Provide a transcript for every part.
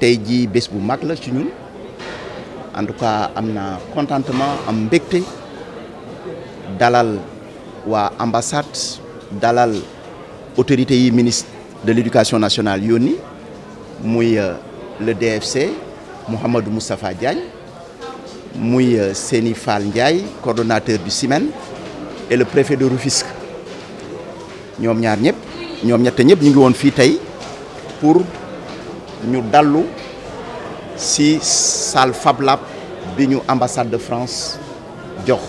tey jii bés bu mag la ci ñun en tout cas amna contentement am mbégte dalal wa ambassade dalal autorité yi ministre de l'éducation nationale Yoni. muy euh, le DFC Mohamed Moustapha Diagne muy euh, Seni Fall Ndiaye coordonnateur du SIMEN et le préfet de Rufisque ñom ñaar ñëpp ñom ñett ñëpp ñu ngi won fi tay pour nous dallo ci salle Fab Lab bi ñu ambassade de France jox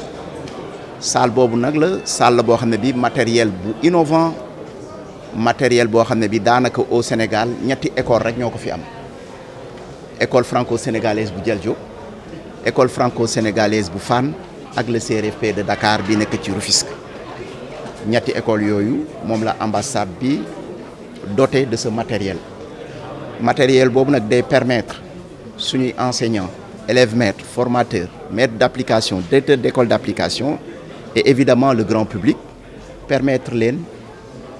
salle bobu nak la salle bo xamné bi matériel bu innovant matériel bo xamné bi danaka au Sénégal ñetti école rek ñoko fi am école franco-sénégalaise bu Dial Diop école franco-sénégalaise bu FAN, ak le CRFP de Dakar bi nekk ci Rufisque ñetti école yoyu, mom la ambassade bi dotée de ce matériel matériel permet permettre enseignants élèves maîtres formateurs maîtres d'application directeurs d'école d'application et évidemment le grand public permettre nous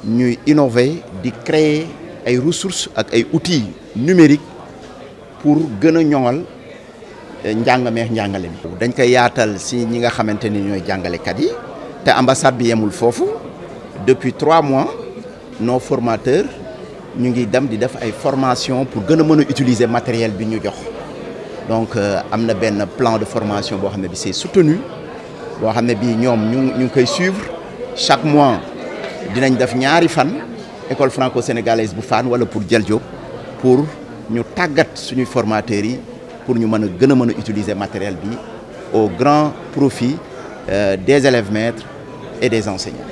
ñuy innover de créer des ressources et des outils numériques pour que eh, nous puissions njàngameex njàngale dañ koy yaatal si ñi nga xamante ñoy sommes kat yi té ambassade bi yamul fofu depuis trois mois nos formateurs nous avons une di formation pour utiliser le matériel bi ñu donc nous avons un plan de formation qui est soutenu Nous allons suivre chaque mois dinañ def ñaari école franco-sénégalaise bu pour nous taguer pour ñu formateurs pour nous utiliser le matériel au grand profit euh, des élèves maîtres et des enseignants